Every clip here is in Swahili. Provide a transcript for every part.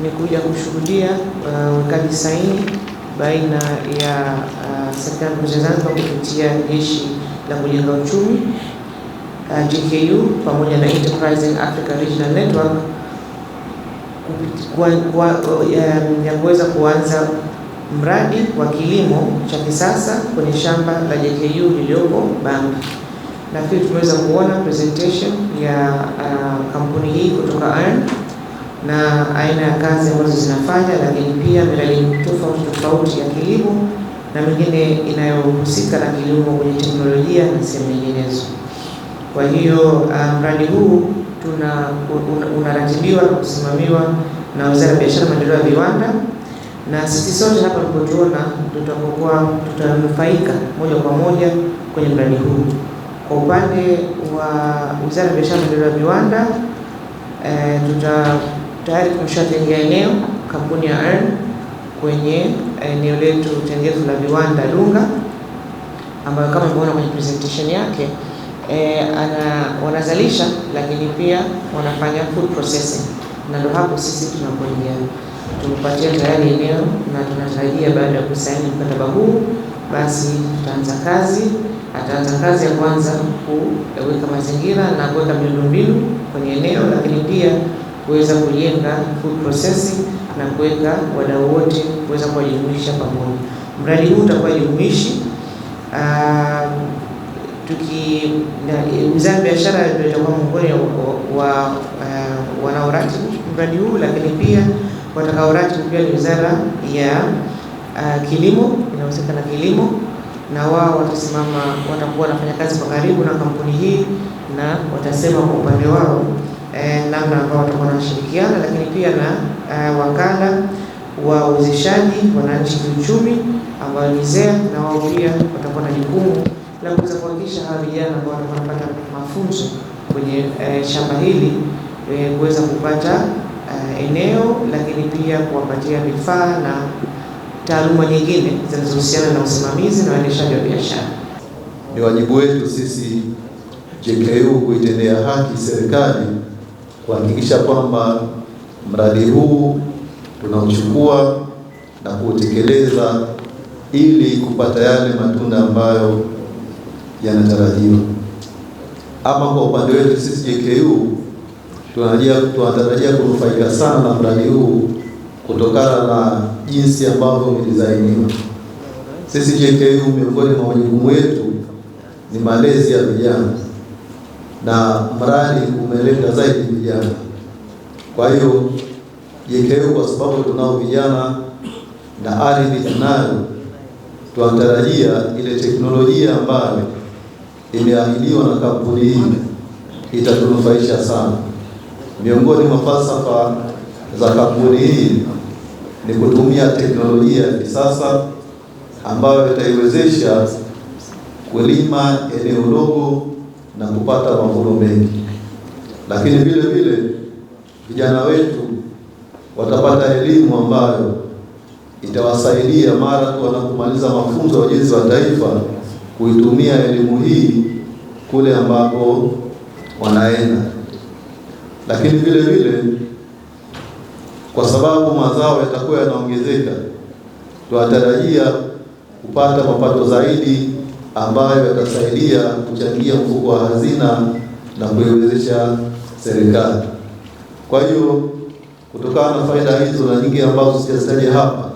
ni kuja kushuhudia uh, uwekaji uh, saini baina ya uh, serikali ya mapinduzi ya Zanzibar kupitia jeshi la kujenga uchumi uh, JKU pamoja na Enterprising Africa Regional Network kwa, kwa, uh, ya kuweza kuanza mradi wa kilimo cha kisasa kwenye shamba la JKU lililopo na Nafikiri tumeweza kuona presentation ya uh, kampuni hii kutoka Iron na aina ya kazi ambazo zinafanya, lakini pia miradi tofauti tofauti ya kilimo na mingine inayohusika na kilimo kwenye teknolojia na sehemu nyinginezo. Kwa hiyo ah, mradi huu huu unaratibiwa una, una na kusimamiwa na Wizara ya Biashara, Maendeleo ya Viwanda, na sisi sote hapa tulipotuona tutakokuwa tutanufaika moja kwa moja kwenye mradi huu. Kwa upande wa Wizara ya Biashara, Maendeleo ya Viwanda eh, tuta tayari tumeshatengea eneo kampuni ya Earn kwenye eneo letu tengenezo la viwanda Lunga, ambayo kama mmeona kwenye presentation yake e, ana, wanazalisha lakini pia wanafanya food processing, na ndio hapo sisi tunapoingia. Tumepatia tayari eneo na tunatarajia baada ya kusaini mkataba huu basi tutaanza kazi. Ataanza kazi ya kwanza kuweka mazingira na kuweka miundombinu kwenye eneo, lakini pia kuweza kujenga food processing na kuweka wadau wote kuweza kuwajumuisha pamoja. Mradi huu utakuwa jumuishi. Ah, tuki wizara ya biashara ndio itakuwa miongoni wa uh, wanaoratibu mradi huu, lakini pia watakaoratibu pia ni wizara ya uh, kilimo inahusika na kilimo, na wao watasimama, watakuwa wanafanya kazi kwa karibu na kampuni hii na watasema kwa upande wao eh, namna ambao watakuwa wanashirikiana, lakini pia na eh, wakala wa uwezeshaji wananchi kiuchumi ambao ni ZEA, na wao pia watakuwa na jukumu la kuweza kuhakikisha hawa vijana ambao watakuwa wanapata mafunzo kwenye eh, shamba hili eh, kuweza kupata eh, eneo, lakini pia kuwapatia vifaa na taaluma nyingine zinazohusiana na usimamizi na uendeshaji wa biashara. Ni wajibu wetu sisi JKU kuitendea haki serikali kuhakikisha kwamba mradi huu tunauchukua na kuutekeleza ili kupata yale matunda ambayo yanatarajiwa. Ama kwa upande wetu sisi JKU tunatarajia kunufaika sana na mradi huu kutokana na jinsi ambavyo umedesainiwa. Sisi JKU, miongoni mwa majukumu yetu ni malezi ya vijana na mradi umelenga zaidi vijana. Kwa hiyo JKU kwa sababu tunao vijana na ardhi tunayo, tunatarajia ile teknolojia ambayo imeahidiwa na kampuni hii itatunufaisha sana. Miongoni mwa falsafa za kampuni hii ni kutumia teknolojia ya kisasa ambayo itaiwezesha kulima eneo dogo na kupata mavuno mengi, lakini vile vile vijana wetu watapata elimu ambayo itawasaidia mara tu wanapomaliza mafunzo ya ujenzi wa taifa kuitumia elimu hii kule ambapo wanaenda. Lakini vile vile kwa sababu mazao yatakuwa yanaongezeka, tunatarajia kupata mapato zaidi ambayo yatasaidia kuchangia mfuko wa hazina na kuiwezesha serikali. Kwa hiyo kutokana na faida hizo na nyingi ambazo sijazitaja hapa,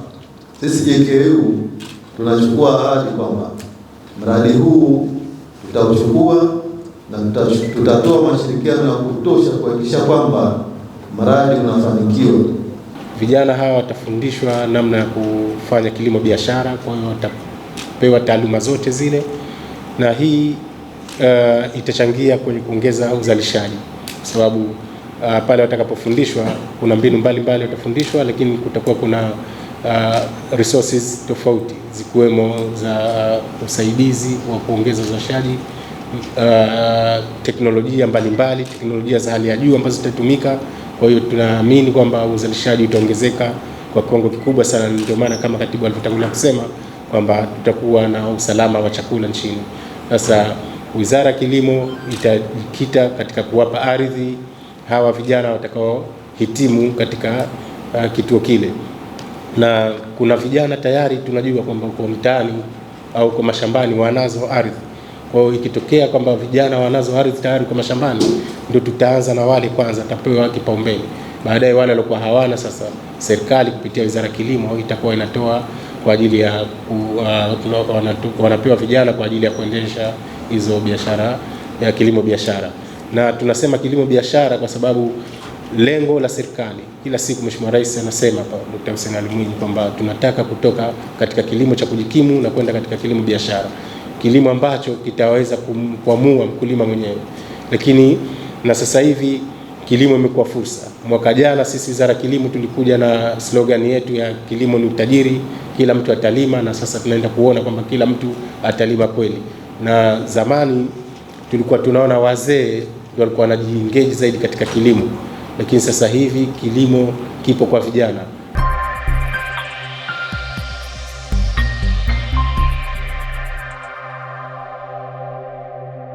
sisi JKU tunachukua ahadi kwamba mradi huu tutauchukua na tutatoa mashirikiano ya kutosha kuhakikisha kwamba mradi unafanikiwa. Vijana hawa watafundishwa namna ya kufanya kilimo biashara, kwa hiyo watapewa taaluma zote zile na hii uh, itachangia kwenye kuongeza uzalishaji kwa sababu uh, pale watakapofundishwa kuna mbinu mbalimbali watafundishwa, lakini kutakuwa kuna uh, resources tofauti zikiwemo za uh, usaidizi wa kuongeza uzalishaji uh, teknolojia mbalimbali, teknolojia za hali ya juu ambazo zitatumika. Kwa hiyo tunaamini kwamba uzalishaji utaongezeka kwa kiwango kikubwa sana. Ndio maana kama katibu alivyotangulia kusema kwamba tutakuwa na usalama wa chakula nchini. Sasa Wizara ya Kilimo itajikita katika kuwapa ardhi hawa vijana watakaohitimu katika uh, kituo kile, na kuna vijana tayari tunajua kwamba uko mtaani au kwa mashambani wanazo ardhi. Kwa hiyo ikitokea kwamba vijana wanazo ardhi tayari kwa mashambani, ndio tutaanza na wale kwanza, tapewa kipaumbele. Baadaye wale waliokuwa hawana, sasa serikali kupitia Wizara ya Kilimo itakuwa inatoa kwa ajili ya uh, wanapewa vijana kwa ajili ya kuendesha hizo biashara ya kilimo biashara. Na tunasema kilimo biashara kwa sababu lengo la serikali kila siku, Mheshimiwa Rais anasema hapa, Dkt. Hussein Ali Mwinyi, kwamba tunataka kutoka katika kilimo cha kujikimu na kwenda katika kilimo biashara, kilimo ambacho kitaweza kuamua mkulima mwenyewe, lakini na sasa hivi kilimo imekuwa fursa. Mwaka jana sisi wizara ya kilimo tulikuja na slogan yetu ya kilimo ni utajiri, kila mtu atalima, na sasa tunaenda kuona kwamba kila mtu atalima kweli. Na zamani tulikuwa tunaona wazee walikuwa wanajiengage zaidi katika kilimo, lakini sasa hivi kilimo kipo kwa vijana.